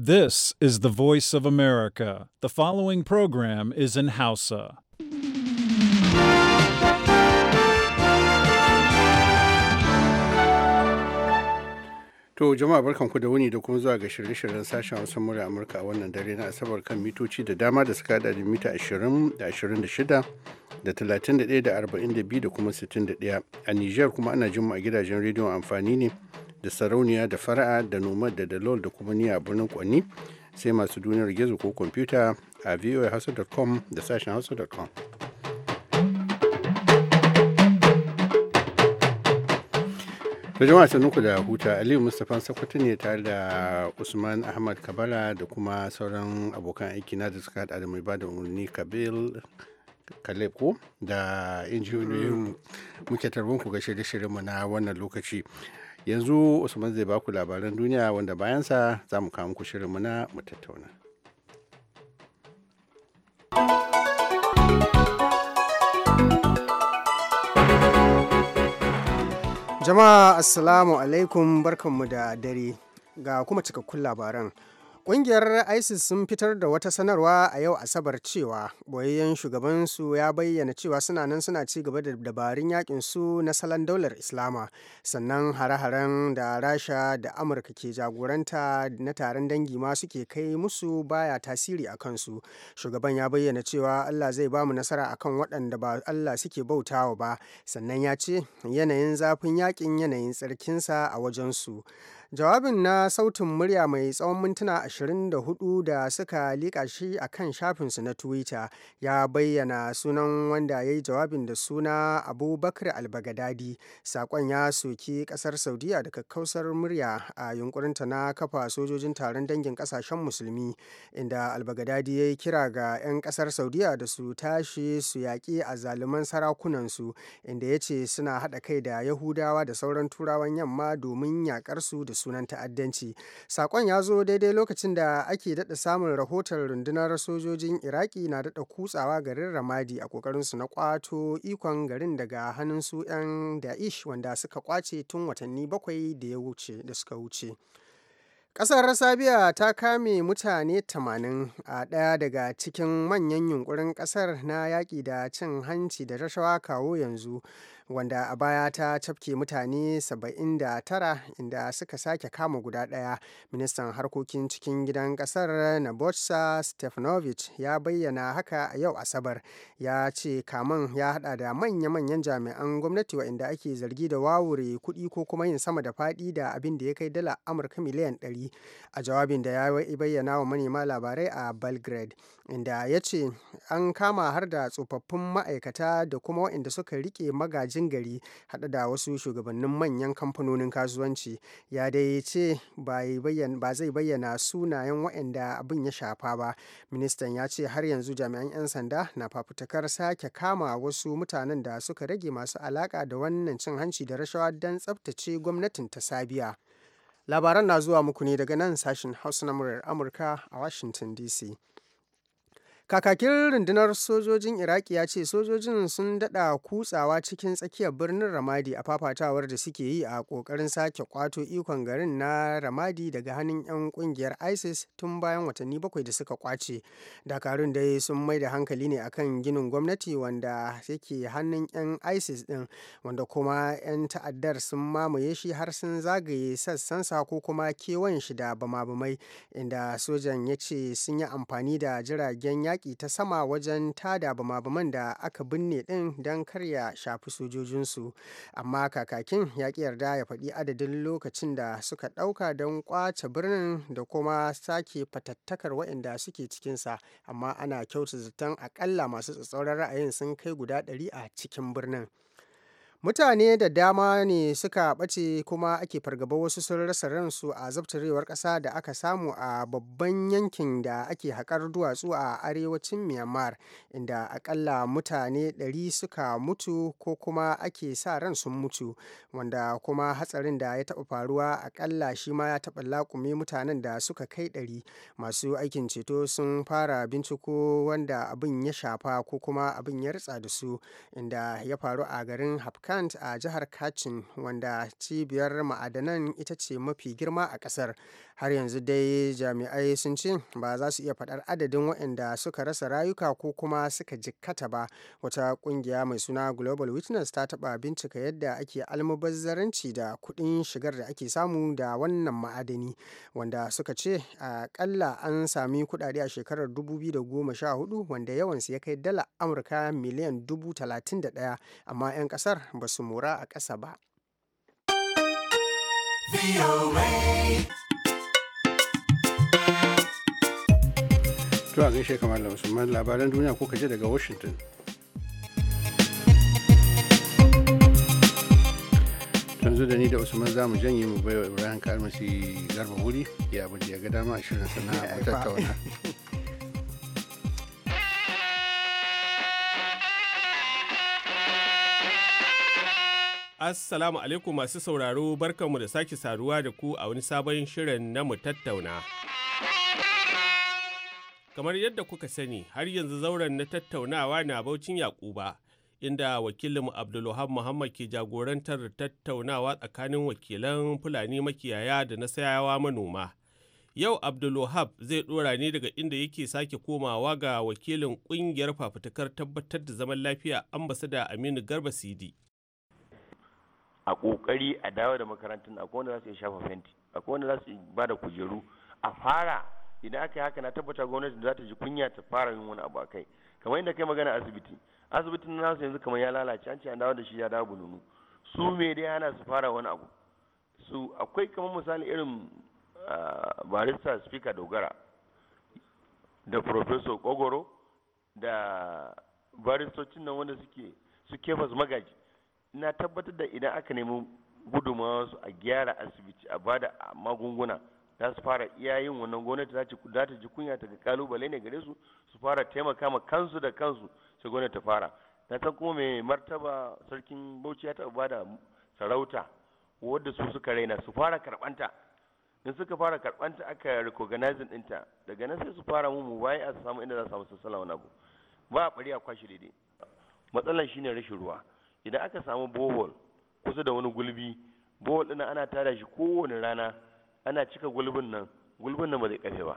This is the voice of America. The following program is in Hausa. To jama'a barkanku da wuni da kuma zuwa ga shirye-shiryen sashen Hausa murya Amurka a wannan dare na Asabar kan mitoci da dama da suka hada da mita 20 da 26 da 31 da 42 da kuma 61. A Niger kuma ana jin mu a gidajen rediyon amfani ne da sarauniya da fara'a da nomad da dalol da kuma niya birnin kwanni sai masu duniyar gizo ko kwamfuta a voahausa.com da sashen hausa.com da jama'a wasanninku da huta aliyu mustapha sakwato ne tare da usman ahmad kabara da kuma sauran abokan aiki na da suka hada da mai bada umarni kabil kaleb ko da injiniyoyin muke tarbon ku ga shirye-shiryenmu na wannan lokaci yanzu usman zai baku labaran duniya wanda bayansa za mu kawo shirin shirinmu na mu tattauna jama'a assalamu alaikum barkanmu da dare ga kuma cikakkun labaran Ƙungiyar ISIS sun fitar da wata sanarwa a yau Asabar cewa ɓoyayyen shugabansu ya bayyana cewa suna nan suna ci gaba da dabarun yakin su na salon daular Islama sannan hare-haren da Rasha da Amurka ke jagoranta na taron dangi ma suke kai musu baya tasiri a kansu. Shugaban ya bayyana cewa Allah zai ba mu nasara akan waɗanda ba Allah suke bautawa ba sannan ya ce yanayin zafin yakin yanayin tsarkinsa a wajensu. jawabin na sautin murya mai tsawon mintuna 24 da suka liƙa shi a kan shafinsu na twitter ya bayyana sunan wanda ya yi jawabin da suna abubakar albagadadi sakon ya soki ƙasar saudiya da kakkausar murya a yunkurinta na kafa sojojin taron dangin ƙasashen musulmi inda albagadadi ya yi kira ga 'yan ƙasar saudiya da su tashi su yaƙi a zaluman sarakunansu inda ya ce suna haɗa kai da yahudawa da sauran turawan yamma domin yaƙar su da sunan ta'addanci. Sakon ya zo daidai lokacin da ake daɗa samun rahoton rundunar sojojin Iraki na daɗa kutsawa garin Ramadi a ƙoƙarinsu na kwato ikon garin daga hannun su 'yan Da'ish wanda suka kwace tun watanni bakwai da ya wuce da suka wuce. Ƙasar Sabiya ta kame mutane 80 a ɗaya daga cikin manyan yunkurin ƙasar na yaƙi da cin hanci da rashawa kawo yanzu. wanda a baya ta cafke mutane 79 inda suka sake kama guda ɗaya. Ministan harkokin cikin gidan ƙasar Nabotsa Stefanovic ya bayyana haka a yau Asabar. Ya ce kaman ya hada da manya-manyan jami'an gwamnati wa'inda ake zargi da wawure kuɗi ko kuma yin sama da faɗi da abin da ya kai dala Amurka miliyan 100 a jawabin da ya bayyana wa manema labarai a Belgrade. inda ya ce an kama har da tsofaffin ma'aikata da kuma waɗanda suka rike magajin gari haɗa da wasu shugabannin manyan kamfanonin kasuwanci ya dai ce ba zai bayyana sunayen waɗanda abin ya shafa ba ministan ya ce har yanzu jami'an 'yan sanda na fafutukar sake kama wasu mutanen da suka rage masu alaƙa da wannan cin hanci da rashawa don tsabtace gwamnatin ta sabiya labaran na zuwa muku ne daga nan sashen hausa na muryar amurka a washington dc Kakakin rundunar sojojin Iraki ya ce sojojin sun dada kutsawa cikin tsakiyar birnin Ramadi a fafatawar da suke yi a kokarin sake kwato ikon garin na Ramadi daga hannun 'yan kungiyar ISIS tun bayan watanni bakwai da suka kwace. Dakarun dai sun mai da hankali ne akan ginin gwamnati wanda yake hannun 'yan ISIS din wanda kuma 'yan ta'addar sun mamaye shi har sun zagaye sassansa ko kuma kewan shi da bama-bamai inda sojan ya ce sun yi amfani da jiragen yaƙi yaƙi ta sama wajen tada bama-baman da aka binne ɗin don karya shafi sojojinsu amma kakakin ya yarda ya faɗi adadin lokacin da suka ɗauka don ƙwace birnin da kuma sake fatattakar waɗanda suke cikinsa amma ana kyautu zaton aƙalla masu tsatsauran ra'ayin sun kai guda ɗari a cikin birnin. mutane da dama ne suka ɓace kuma ake fargaba wasu sun rasa ransu a zabtarewar ƙasa da aka samu a babban yankin da ake haƙar duwatsu a arewacin myanmar inda akalla mutane 100 suka mutu ko kuma ake sa ran sun mutu wanda kuma hatsarin da ya taɓa faruwa akalla shi ma ya taɓa laƙume mutanen da suka kai 100 masu aikin ceto sun fara binciko wanda abin ya shafa ko kuma abin ya ritsa da su inda ya faru a garin hapka kant a jihar Kachin wanda cibiyar ma'adanan ita ce mafi girma a kasar. Har yanzu dai jami'ai sun ce ba za su iya faɗar adadin waɗanda suka rasa rayuka ko kuma suka jikkata ba. Wata ƙungiya mai suna Global Witness ta taɓa bincika yadda ake almubazzaranci da kuɗin shigar da ake samu da wannan ma'adani wanda suka ce aƙalla an sami kuɗaɗe a shekarar 2014 wanda yawansu ya kai dala Amurka miliyan dubu talatin da ɗaya amma 'yan ƙasar ba su mura a ƙasa ba. To a gaishe kamar Usman labaran duniya ko ji daga Washington. yanzu da ni da usman zamu janye mu baiwa ibrahim kalmasi garba wuri ya abin da ya ga dama a shirin sana'a mu tattauna Assalamu alaikum masu sauraro barkanmu da sake saruwa da ku a wani sabon shirin na mu tattauna. Kamar yadda kuka sani har yanzu zauren na tattaunawa na Baucin Yakuba inda wakilin Abdulwahab Muhammad ke jagorantar tattaunawa tsakanin wakilan Fulani makiyaya da na sayawa manoma. Yau Abdulwahab zai ɗora ne daga inda yake sake komawa ga wakilin ƙungiyar fafutukar tabbatar da zaman lafiya ambasada Aminu Garba Sidi. a kokari a dawo da makarantun akwai wanda za su iya shafa fenti akwai wanda za su ba da kujeru a fara idan aka yi haka na tabbata gwamnati za ta ji kunya ta fara yin wani abu a kai kamar yadda kai magana asibiti asibitin na su yanzu kamar ya lalace an ce an dawo da shi ya dawo bulunu su me dai ana su fara wani abu su akwai kamar misali irin barista speaker dogara da professor kogoro da baristocin nan wanda suke su kefas magaji na tabbatar da idan aka nemi gudunmawa su a gyara asibiti a ba da magunguna za su fara iyayen wannan gwamnati za ta ji kunya ta ga kalubale ne gare su su fara taimaka ma kansu da kansu sai gwamnati ta fara na san kuma mai martaba sarkin bauchi ya taɓa bada sarauta wadda su suka raina su fara karɓanta in suka fara karɓanta aka recognize ɗinta daga nan sai su fara mu baya a samu inda za su samu sassala wani abu ba a bari a kwashe daidai matsalar shine rashin ruwa idan aka samu bohol kusa da wani gulbi bohol ɗin ana tada shi kowane rana ana cika gulbin nan gulbin nan ba zai kafe ba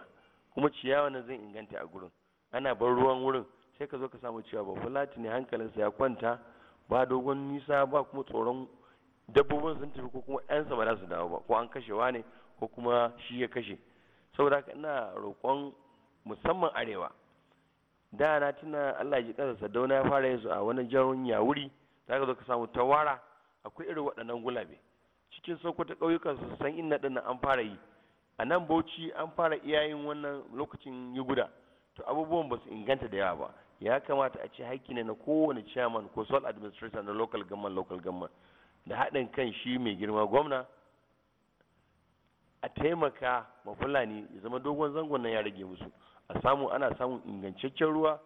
kuma ciyawa nan zai inganta a gurin ana bar ruwan wurin sai ka zo ka samu ciyawa ba fulati ne hankalinsa ya kwanta ba dogon nisa ba kuma tsoron dabbobin sun tafi ko kuma ƴansa ba za su dawo ba ko an kashewa ne ko kuma shi ya kashe saboda haka ina roƙon musamman arewa da na tuna Allah ya ji ƙasa Sadauna ya fara yin su a wani jarun Yawuri za ka zo ka samu tawara akwai irin waɗannan gulabe cikin sokoto ƙauyukan su san inna ɗin an fara yi a nan bauchi an fara iyayen wannan lokacin yi guda to abubuwan ba su inganta da yawa ba ya kamata a ce haƙƙi ne na kowane chairman ko sole administrator na local government local government da haɗin kan shi mai girma gwamna a taimaka ma fulani ya zama dogon zangon nan ya rage musu a samu ana samun ingantaccen ruwa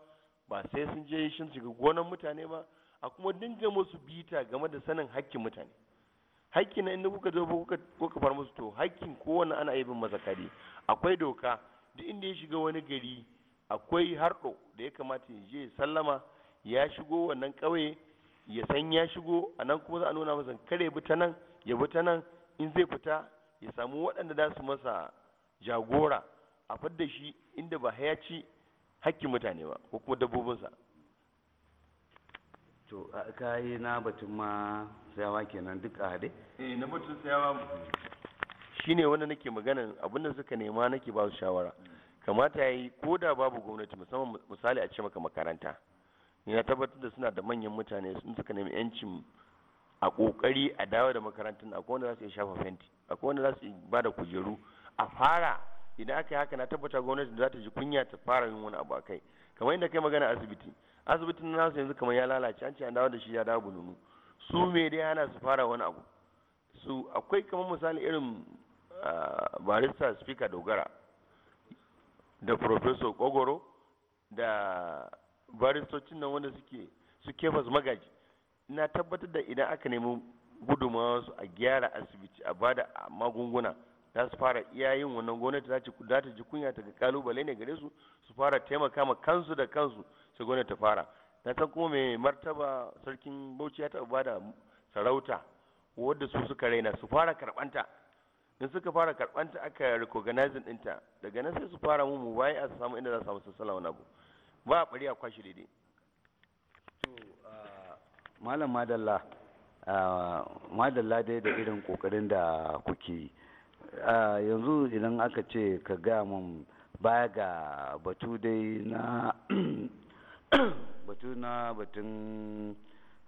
ba sai sun je shin shiga gonan mutane ba a kuma dinga musu bita game da sanin hakkin mutane hakki na inda kuka zo kuka kuka far musu to hakkin kowanne ana bin masa kare akwai doka duk inda ya shiga wani gari akwai harɗo da ya kamata ya je sallama ya shigo wannan ƙauye ya san ya shigo a nan kuma za a nuna masa kare bi ta nan ya bi ta nan in zai fita ya samu waɗanda za su masa jagora a fadda shi inda ba ya ci hakkin mutane ba ko kuma dabbobinsa to ka yi na batun ma tsayawa kenan duk a haɗe? eh na batun tsayawa ne wanda nake magana abinda suka nema nake ba su shawara kamata ya yi ko da babu gwamnati musamman misali a ce maka makaranta ya tabbatar da suna da manyan mutane sun suka nemi yancin a kokari a dawo da makarantun akwai wanda za su iya shafa fenti akwai wanda za su ba da kujeru a fara idan aka yi haka na tabbata gwamnati za ta ji kunya ta fara yin wani abu a kai kamar yadda kai magana asibiti asibitin nasu yanzu kamar ya lalace an ce an dawo da shi ya dawo bululu su me dai ana su fara wani abu su akwai kamar misali irin barista speaker dogara da professor kogoro da baristocin nan wanda suke su kefas magaji na tabbatar da idan aka nemi gudunmawa su a gyara asibiti a bada magunguna za su fara iya yin wannan gwamnati za ta ji kunya ta ga kalubale ne gare su su fara taimaka ma kansu da kansu sai ta fara na san kuma mai martaba sarkin bauchi ya taɓa bada sarauta wadda su suka raina su fara karɓanta in suka fara karɓanta aka recognize ɗinta daga nan sai su fara mu mu bayan a samu inda za su samu sassala wani abu ba a bari a kwashe daidai malam madalla madalla dai da irin kokarin da kuke yanzu idan aka ce ka ga mun baya ga batu dai na batu na batun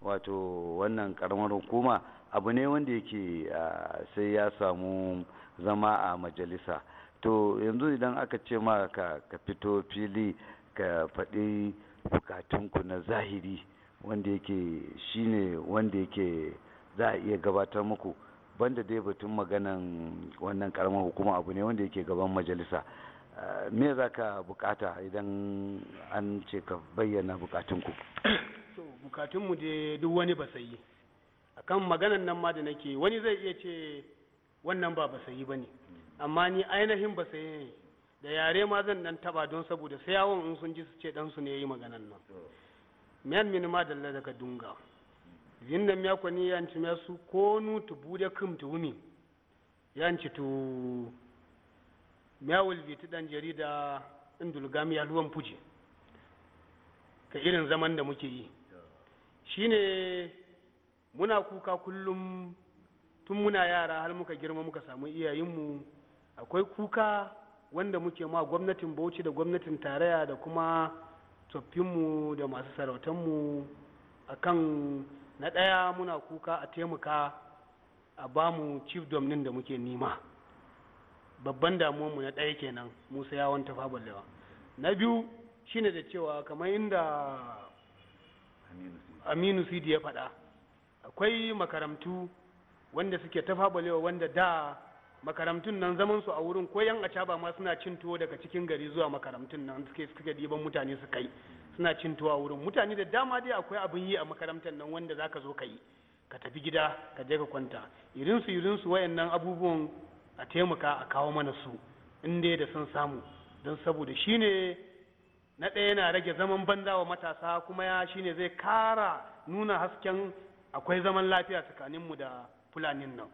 wato wannan karamar hukuma abu ne wanda yake sai ya samu zama a majalisa to yanzu idan aka ce ma ka fito fili ka faɗi bukatunku na zahiri wanda yake ne wanda yake za a iya gabatar muku banda dai batun maganan wannan karamar hukuma abu ne wanda yake gaban majalisa me za ka bukata idan an ce ka bayyana bukatunku bukatunmu dai duk wani ba sayi akan maganan nan ma da nake wani zai iya ce wannan ba ba sayi ba ne amma ni ainihin ba sayi ne da yare ma zan nan taba don saboda sai yawon in sun ji su ce ɗansu ne ya yi maganan nan miyan mini ma dalla daga dunga yin nan miya kwani yanci miya su ko nu bude kum tu wumi yanci tu miyawul dan jarida indulgam ya luwan fuje ka irin zaman da muke yi shine muna kuka kullum tun muna yara har muka girma muka samu iyayenmu akwai kuka wanda muke ma gwamnatin bauchi da gwamnatin tarayya da kuma tsoffinmu da masu sarautanmu akan na ɗaya muna kuka a taimaka a bamu chief ɗin da muke nima babban damuwanmu na ɗaya kenan musa yawon tafa ballewa na biyu shine da cewa kamar inda aminu sidi ya faɗa akwai makaramtu wanda suke tafa wanda da makaramtun nan zaman su a wurin ko yan acaba ma suna cin tuwo daga cikin gari zuwa makaramtun nan suke suke diban mutane su kai suna cin tuwo a wurin mutane da dama dai akwai abin yi a makarantar nan wanda zaka zo ka yi ka tafi gida ka je ka kwanta irin su irin su wayannan abubuwan a taimaka a kawo mana su in da sun samu don saboda shi ne na ɗaya yana rage zaman banza wa matasa kuma ya shi ne zai kara nuna hasken akwai zaman lafiya tsakaninmu da fulanin nan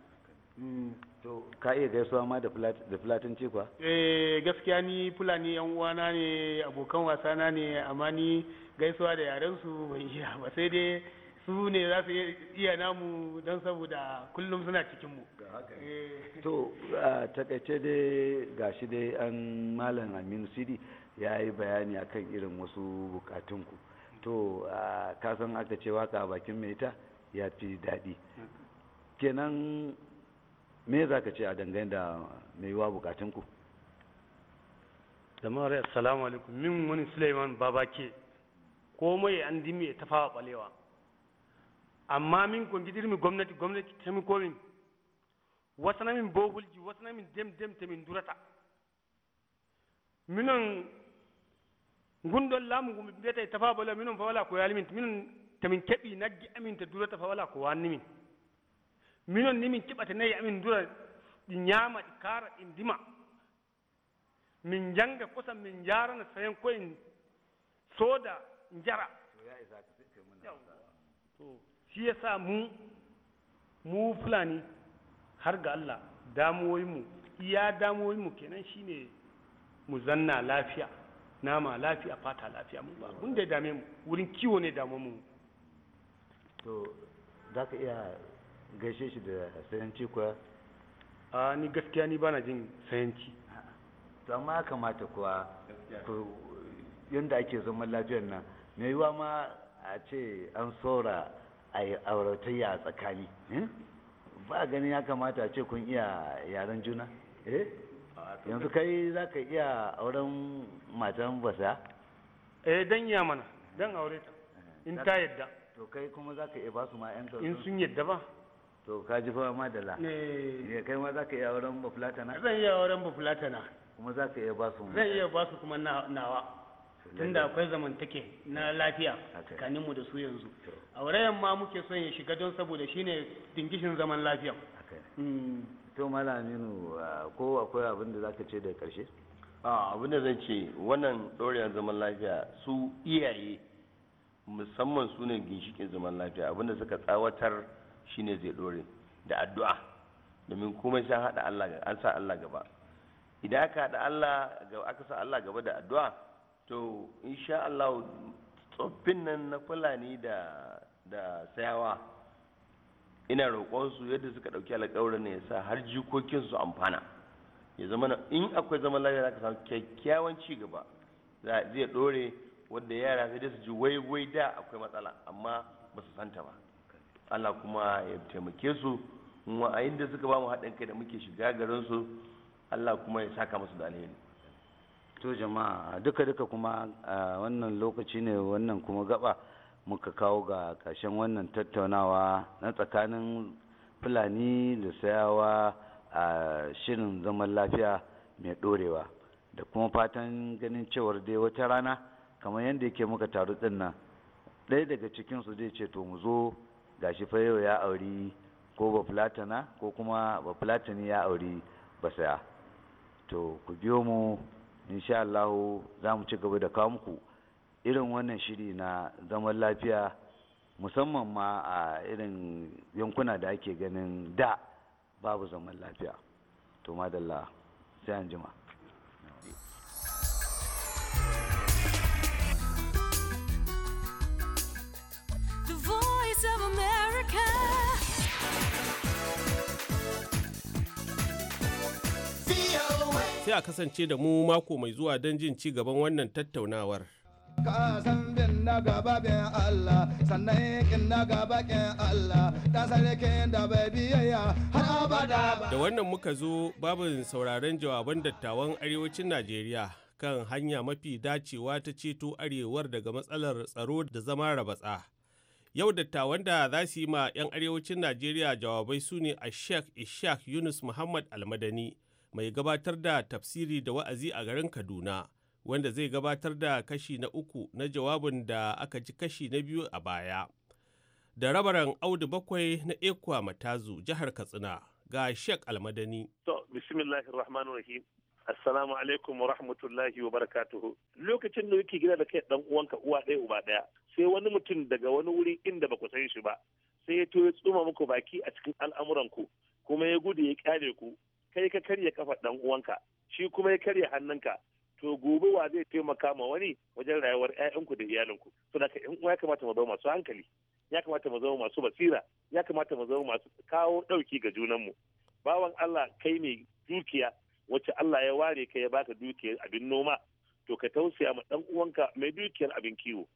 hmm, to ka iya gaisuwa ma da fulatin cikwa eh gaskiya ni fulani yan uwana ne abokan wasana ne amma ni gaisuwa da yarensu ban yi ba sai dai su ne za su iya namu don saboda kullum suna cikinmu eh. to a takaice dai gashi dai an malam aminu sidi ya yi bayani akan irin wasu bukatunku to ka san aka ce waka a bakin mai ta ya fi daɗi kenan me za ka ce a dangane da mai wa bukatunku jama'ar assalamu alaikum min wani suleiman babake komai an dimi ta fawa balewa amma min ko giɗirmi gomnati gomnati temi komin wasanamin wasana wasanamin dem demte min durata minon gunɗon lamu gumi mbiyata e tafabolo minon fa wala ko yali min minon temin kebi naggi amin te durata fa wala ko wanni min minon ni min kibata nayi amin dura di nyama di kara ɗi dima min janga kosam min jarana sayan koyen soda njara to shi sa mu mu fulani har ga Allah damuwoyinmu iya damuwoyinmu kenan shine mu zanna lafiya nama lafiya fata lafiya mu ba mun da dame mu wurin kiwo ne damu mu to za ka iya gaishe shi da sayanci kuwa a ni gaskiya ni bana jin sayanci to amma ya kamata kuwa yadda ake zaman lafiyar nan me yiwa ma a ce an saura a yi auratayya a tsakani eh? ba ganin ya kamata ce kun iya yaren juna eh? yanzu kai za ka iya auren matan basa eh dan iya mana dan aure ta eh, in ta yadda to kai kuma za ka iya ba su ma yan in sun yadda ba to ka ji fama ma da la ne kai ma za ka iya auren bafulatana zan iya auren bafulatana kuma za ka iya ba su zan iya ba su kuma nawa tunda akwai zamantake na lafiya tsakaninmu da su yanzu a aurayen ma muke son ya shiga don saboda shine dingishin zaman lafiya mm. to malaminu ko akwai abin da zaka ce da karshe abin da zan ce wannan ɗorewar zaman lafiya su iyaye musamman su ne ginshikin zaman lafiya abin da suka tsawatar shine zai ɗore da addu'a domin komai sai haɗa Allah an sa Allah gaba idan aka haɗa Allah aka sa Allah gaba da addu'a to insha Allah tsoffin nan na fulani da da sayawa ina roƙon yadda suka ɗauki alƙawarin ne sa har jikokin su amfana ya zama in akwai zaman lafiya zaka samu kyakkyawan ci gaba zai ɗore wanda yara sai su ji waiwai da akwai matsala amma ba su santa ba Allah kuma ya taimake su mu a inda suka ba mu haɗin kai da muke shiga garin su Allah kuma ya saka musu da alheri to jama'a duka-duka kuma wannan lokaci ne wannan kuma gaba muka kawo ga ƙarshen wannan tattaunawa na tsakanin fulani da sayawa a shirin zaman lafiya mai ɗorewa da kuma fatan ganin cewar dai wata rana kamar yadda yake muka taru ɗin nan ɗaya daga cikinsu zai ce to mu zo gashi fa yau ya auri ko ba fulatana ko kuma ba fulatani ya auri ba saya to ku biyo mu insha Allah za mu ci gaba da kawo muku irin wannan shiri na zaman lafiya musamman ma a irin yankuna da ake ganin da babu zaman lafiya to madalla sai an jima The voice of America sai a kasance da mu mako mai zuwa don jin ci gaban wannan tattaunawar. kasan bin na gaba bin Allah da da wannan muka zo babin sauraron jawaban dattawan arewacin Najeriya kan hanya mafi dacewa ta ceto arewar daga matsalar tsaro da zama rabatsa yau dattawan da za su yi ma 'yan arewacin najeriya jawabai su ne a sheikh ishaq yunus muhammad almadani mai gabatar da tafsiri da wa'azi a garin Kaduna, wanda zai gabatar da kashi na uku na jawabin da aka ji kashi na biyu a baya. Da rabaran Audu bakwai na Ekwa Matazu, jihar Katsina, ga Sheikh Almadani. To, Bismillahirrahmanirrahim. Assalamu alaikum wa rahmatullahi wa barakatuhu. Lokacin da yake gida da kai dan uwanka uwa ɗaya uba ɗaya, sai wani mutum daga wani wuri inda ba ku san shi ba, sai ya to ya tsuma muku baki a cikin al'amuranku, kuma ya gudu ya kyale ku, kai ka karya kafa dan uwanka shi kuma ya karya hannunka to gobe wa zai taimaka ma wani wajen rayuwar ƴaƴanku da iyalinku to da in ya kamata mu zama masu hankali ya kamata mu zama masu basira ya kamata mu zama masu kawo ɗauki ga junanmu bawan Allah kai mai dukiya wacce Allah ya ware ka ya baka dukiyar abin noma to ka tausaya ma dan uwanka mai dukiyar abin kiwo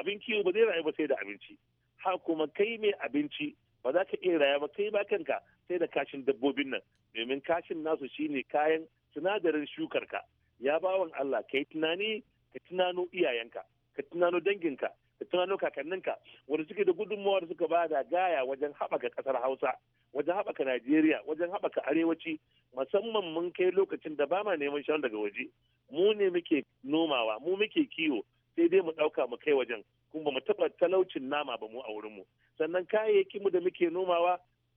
abin kiwo ba zai rayu ba sai da abinci ha kuma kai mai abinci ba za ka iya rayuwa ba kai ba kanka sai da kashin dabbobin nan domin kashin nasu shine kayan sinadarin shukar ka ya bawan Allah ka yi tunani ka tunano iyayenka ka tunano danginka ka tunano kakanninka wanda suke da gudunmawa da suka bada gaya wajen haɓaka ƙasar Hausa wajen haɓaka Najeriya wajen haɓaka arewaci musamman mun kai lokacin da ba ma neman shan daga waje mu ne muke nomawa mu muke kiwo sai dai mu ɗauka mu kai wajen kuma mu taɓa talaucin nama ba mu a mu sannan kayayyakin mu da muke nomawa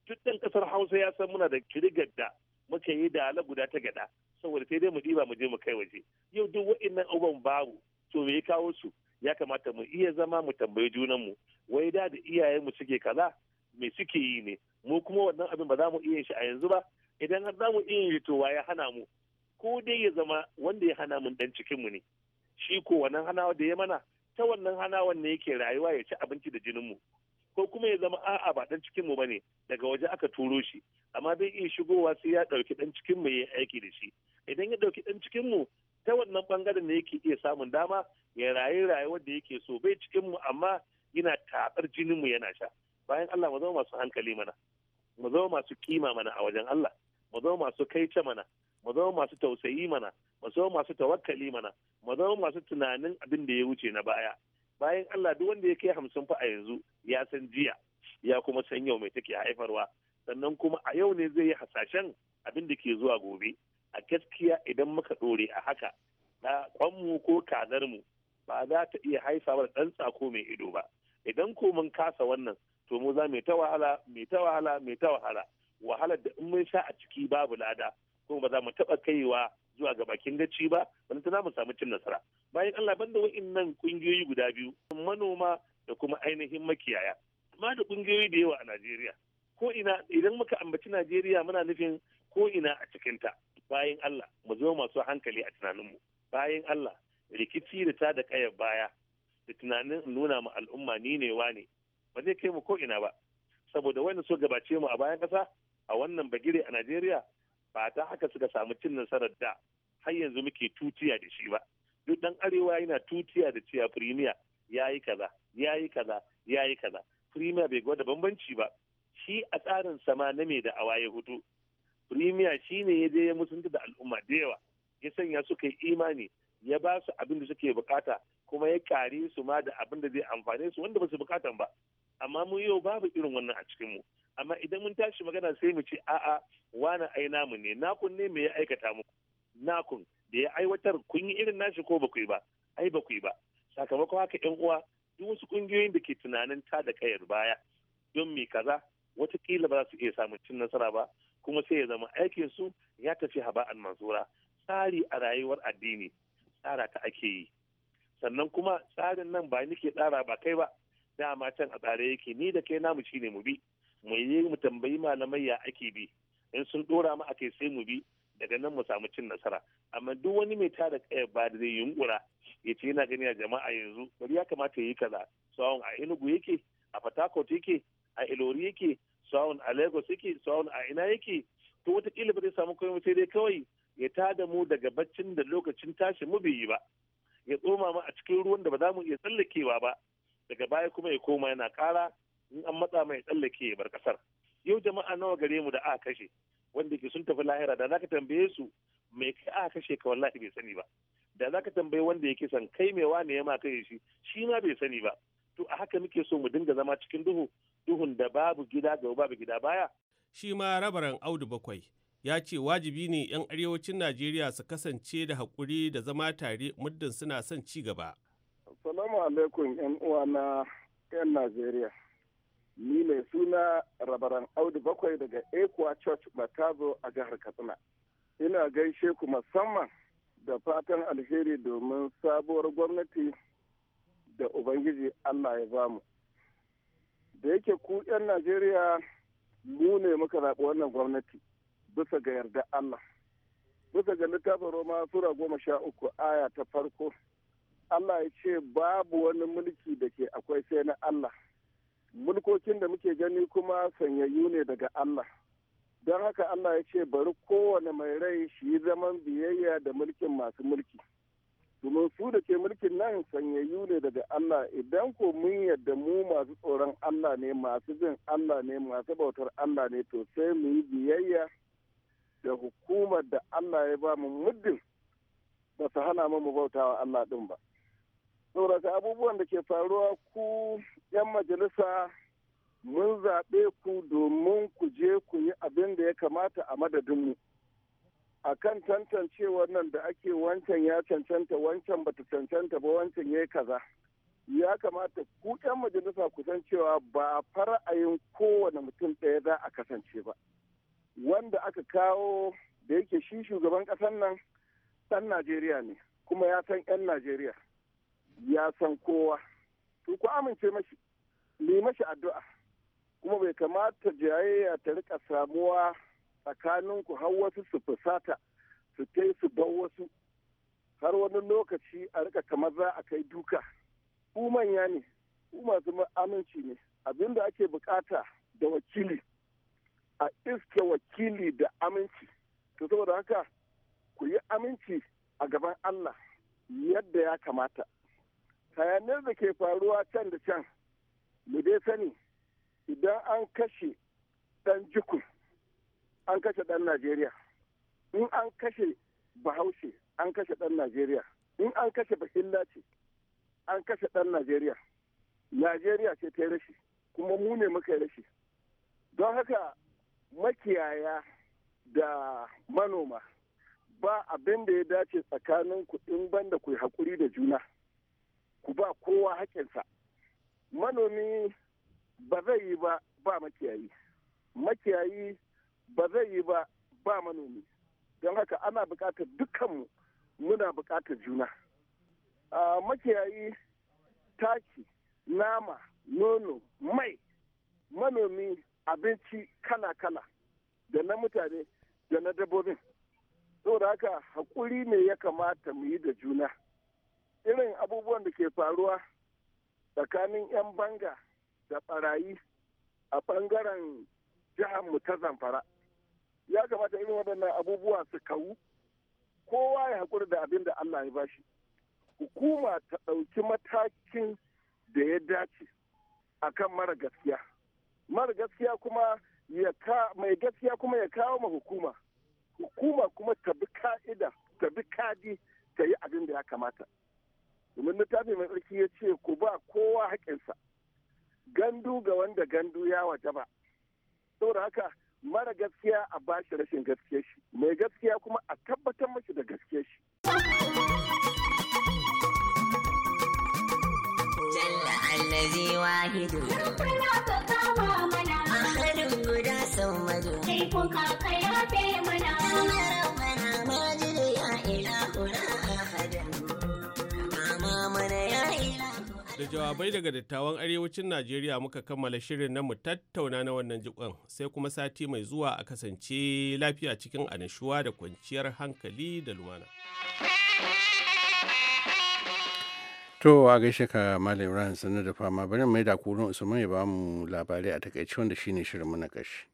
duk ɗan ƙasar hausa ya san muna da kirigar da muka yi da ala guda ta gada saboda sai dai mu ɗiba mu je mu kai waje yau duk wa'innan uban babu to me ya kawo su ya kamata mu iya zama mu tambayi junan mu wai da da iyayen mu suke kaza me suke yi ne mu kuma wannan abin ba za mu iya shi a yanzu ba idan har za mu iya yi to ya hana mu ko dai ya zama wanda ya hana mun dan mu ne shi ko wannan hanawa da ya mana ta wannan hanawan ne yake rayuwa ya ci abinci da jinin mu ko kuma ya zama a'a ba dan cikin mu bane daga waje aka turo shi amma bai iya shigowa sai ya dauki dan cikin mu ya aiki da shi idan ya dauki dan cikin mu ta wannan bangaren ne yake iya samun dama ya rayu rayuwar da yake so bai cikin mu amma yana tabar jinin mu yana sha bayan Allah mu zama masu hankali mana mu zama masu kima mana a wajen Allah mu zama masu kaice mana mu zama masu tausayi mana mu zama masu tawakkali mana mu zama masu tunanin abin da ya wuce na baya bayan Allah duk wanda ya kai hamsin fa a yanzu ya san jiya ya kuma san yau mai take haifarwa sannan kuma a yau ne zai yi hasashen abin da ke zuwa gobe a gaskiya idan muka ɗore a haka na kwanmu ko kazarmu ba za ta iya haifawa da ɗan tsako mai ido ba idan ko mun kasa wannan to mu za mai ta wahala mai ta wahala mai ta wahala wahalar da in mun sha a ciki babu lada kuma ba za mu taɓa kaiwa zuwa ga bakin gaci ba wani ta mu samu cin nasara bayan Allah ban banda wa'innan kungiyoyi guda biyu manoma da kuma ainihin makiyaya ma da kungiyoyi da yawa a Najeriya ko ina idan muka ambaci Najeriya muna nufin ko ina a cikinta bayan Allah mu zo masu hankali a tunaninmu bayan Allah rikici da ta da ƙayar baya da tunanin nuna ma al'umma ni ne wane ba zai kai mu ko ina ba saboda wani so gabace mu a bayan ƙasa a wannan bagire a Najeriya ba ta haka suka samu cin nasarar da har yanzu muke tutiya da shi ba duk dan arewa yana tutiya da cewa premier ya yi kaza ya yi kaza ya yi kaza premier bai gwada bambanci ba shi a tsarin sama na mai da awaye hudu premier shi ne ya je ya musunta da al'umma da yawa ya sanya suka yi imani ya ba su abin da suke bukata kuma ya kare su ma da abin da zai amfane su wanda ba su bukatan ba amma mu yau babu irin wannan a cikin mu amma idan mun tashi magana sai mu ce a'a wani ai namu ne nakun ne me ya aikata muku nakun da ya aiwatar kun yi irin nashi ko bakwai ba ai bakwai ba sakamakon haka yan uwa duk wasu kungiyoyin da ke tunanin ta da kayar baya don me kaza watakila ba za su iya samun cin nasara ba kuma sai ya zama aikin su ya tafi haba'an mansura tsari a rayuwar addini tsara ta ake yi sannan kuma tsarin nan ba nike tsara ba kai ba dama can a tsare yake ni da kai namu shine mu bi mu yi mu tambayi malamai ya ake bi in sun dora mu akai sai mu bi daga nan mu samu cin nasara amma duk wani mai tada kaya ba da zai yunkura ya ce yana gani a jama'a yanzu bari ya kamata ya yi kaza sawun a enugu yake a fatakot yake a ilori yake sawun a lagos yake sawun a ina yake to wata ba zai samu kai sai dai kawai ya tada mu daga baccin da lokacin tashi mu bai yi ba ya tsoma mu a cikin ruwan da ba za mu iya tsallakewa ba daga baya kuma ya koma yana kara in an matsa mai tsallake ya bar ƙasar yau jama'a nawa gare mu da aka kashe wanda ke sun tafi lahira da zaka tambaye su me kai aka kashe ka wallahi bai sani ba da zaka tambaye wanda yake san kai me wane ya ma kai shi shi ma bai sani ba to a haka muke so mu dinga zama cikin duhu duhun da babu gida ga babu gida baya shi ma rabaran audu bakwai ya ce wajibi ne 'yan arewacin najeriya su kasance da hakuri da zama tare muddin suna son ci gaba salamu alaikum 'yan uwa na 'yan najeriya ni mai suna rabaran audu bakwai daga Ekwa Church Matazo a jihar Katsina. Ina gaishe ku musamman da fatan alheri domin sabuwar gwamnati da Ubangiji Allah ya bamu. Da yake ku 'yan Najeriya mu ne muka zaɓi wannan gwamnati bisa ga yarda Allah. Bisa ga littafin Roma Sura goma sha uku aya ta farko, Allah ya ce babu wani mulki da ke akwai sai na Allah. mulkokin da muke gani kuma sanyayyu ne daga Allah don haka Allah ya ce bari kowane mai rai shi yi zaman biyayya da mulkin masu mulki domin su da ke mulkin nan sanyayyu ne daga Allah idan ko mun yadda mu masu tsoron Allah ne masu jin Allah ne masu bautar Allah ne to sai mu yi biyayya da hukumar da Allah ya ba mu muddin ba su hana mu bautawa Allah ɗin ba tsoraka abubuwan da ke faruwa ku 'yan majalisa mun zaɓe ku domin ku je ku yi abin da ya kamata a madadinmu a kan tantance wannan da ake wancan ya cancanta wancan bata cancanta ba wancan ya yi kaza ya kamata ku 'yan majalisa ku san cewa ba fara'ayin kowane mutum ɗaya za a kasance ba wanda aka kawo da yake shi shugaban kasan nan ɗan najeriya ne kuma ya san 'yan najeriya ya san kowa to ku amince mashi ne mashi addu'a kuma bai kamata jayayya ta rika samuwa tsakanin ku har wasu su fusata su kai su bar wasu har wani lokaci a rika kamar za a kai duka ku manya ne ku masu aminci ne abinda ake bukata da wakili a iske wakili da aminci to saboda haka ku yi aminci a gaban Allah yadda ya kamata hayanar da ke faruwa can da can mu dai sani idan an kashe dan jikun an kashe dan najeriya in an kashe bahaushe an kashe dan najeriya in an kashe bahilla ce an kashe dan najeriya najeriya ce ta rashi kuma mu ne muka rashi don haka makiyaya da manoma ba abin da ya dace tsakanin kuɗin banda ku hakuri da juna ku ba kowa hakinsa manomi ba zai yi ba ba makiyayi makiyayi ba zai yi ba ba manomi don haka ana buƙatar dukkanmu muna buƙatar juna A makiyayi taki nama nono mai manomi abinci kala-kala da na mutane da na dabbobin saboda haka haƙuri ne ya kamata mu yi da juna irin abubuwan da ke faruwa tsakanin 'yan banga da barayi a bangaren mu ta zamfara ya kamata irin waɗannan abubuwa su kawu kowa ya haƙuri da abin da allah ya bashi hukuma ta ɗauki matakin da ya dace akan mara gaskiya mara gaskiya kuma ya ka mai gaskiya kuma ya kawo ma hukuma hukuma kuma ta bi ka'ida ta bi kadi ta yi abin da ya kamata domin littafi mai tsarki ya ce ku ba kowa haƙinsa gandu ga wanda gandu ya waje ba saboda haka mara gaskiya a ba shi rashin gaskiyar shi mai gaskiya kuma a tabbatar mashi da gaskiyar shi jalla guda mana jawabai daga dattawan arewacin Najeriya muka kammala shirin na mu tattauna na wannan jikon sai kuma sati mai zuwa a kasance lafiya cikin anashuwa da kwanciyar hankali da lumana. To a gaishe ka Malam Ibrahim sannu da fama bari mai da kurin Usman ya ba mu labarai a takaici wanda shine shirin mu na ƙarshe.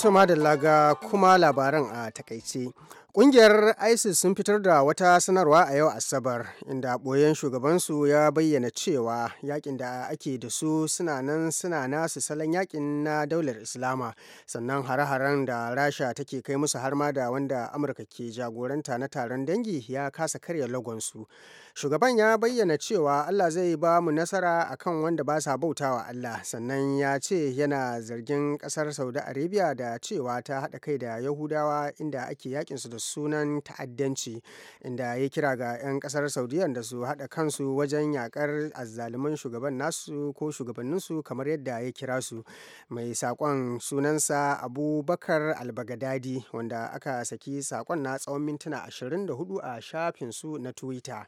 Tuma da laga kuma labaran a takaice. Kungiyar ISIS sun fitar da wata sanarwa a yau Asabar inda boyen shugabansu ya bayyana cewa yakin da ake da su suna nan suna nasu salon yakin na daular Islama sannan hare-haren da Rasha take kai musu har ma da wanda Amurka ke jagoranta na taron dangi ya kasa karya lagonsu. Shugaban ya bayyana cewa Allah zai ba mu nasara akan wanda ba sa wa Allah sannan ya ce yana zargin kasar Saudi Arabia da cewa ta haɗa kai da Yahudawa inda ake yakinsu da sunan ta'addanci inda ya kira ga 'yan kasar Saudiya da su haɗa kansu wajen yakar azzaluman shugaban nasu ko shugabanninsu kamar yadda ya kira su mai saƙon sunansa Abubakar Albagadadi wanda aka saki sakon na tsawon mintuna 24 a shafin su na Twitter.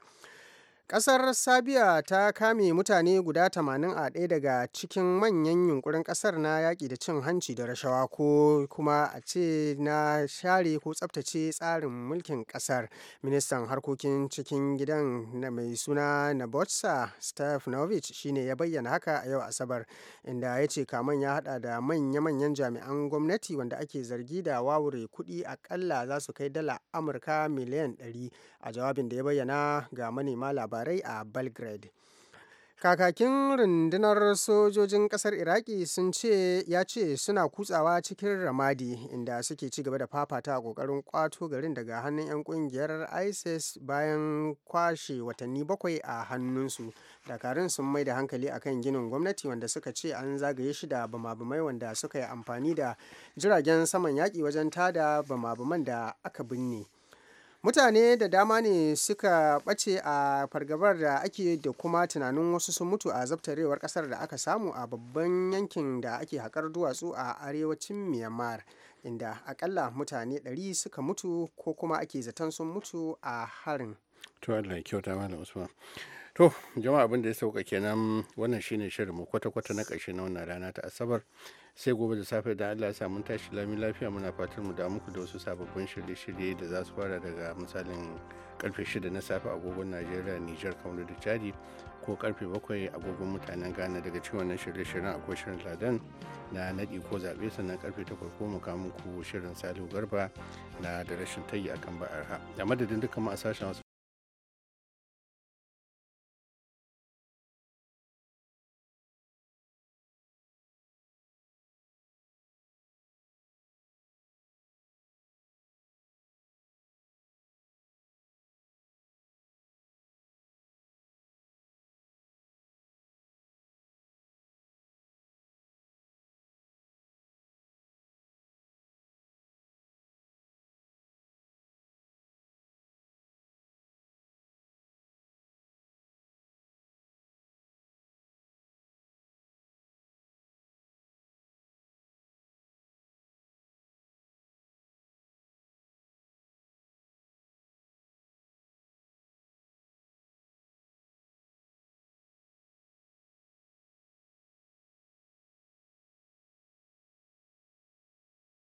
Ƙasar Sabiya ta kame mutane guda 80 a ɗaya daga cikin manyan yunkurin ƙasar na yaƙi da cin hanci da rashawa ko kuma a ce na share ko tsabtace tsarin mulkin ƙasar. Ministan harkokin cikin gidan mai suna na Nabotsa Stefanovic shine ya bayyana haka a yau Asabar inda ya ce kaman ya haɗa da manya-manyan jami'an gwamnati wanda ake zargi da wawure kuɗi akalla za su kai dala Amurka miliyan 100 a jawabin da ya bayyana ga manema labarai. labarai a belgrade kakakin rundunar sojojin kasar iraki sun ce ya ce suna kutsawa cikin ramadi inda suke ci gaba da fafata kokarin kwato garin daga hannun 'yan kungiyar isis bayan kwashe watanni bakwai a hannunsu dakarun sun mai da hankali akan ginin gwamnati wanda suka ce an zagaye shi da bama wanda suka yi amfani da jiragen saman yaƙi wajen tada bama da aka binne mutane da dama ne suka ɓace a fargabar da ake da kuma tunanin wasu sun mutu a zabtarewar kasar da aka samu a babban yankin da ake haƙar duwatsu a arewacin myanmar inda akalla mutane 100 suka mutu ko kuma ake zaton sun mutu a harin. to jama'a abin da ya sauka kenan wannan shine shirin mu kwata-kwata na ƙarshe na wannan rana ta asabar sai gobe da safe da allah ya mun tashi lami lafiya muna fatar mu da muku da wasu sababbin shirye-shirye da za su fara daga misalin karfe 6 na safe agogon najeriya niger kamar da chadi ko karfe 7 agogon mutanen ghana daga cikin wannan shirye-shiryen akwai shirin ladan na naɗi ko zaɓe sannan karfe 8 ko mu ku shirin salihu garba na da rashin tayi akan ba'ar ha a madadin dukkan sashen wasu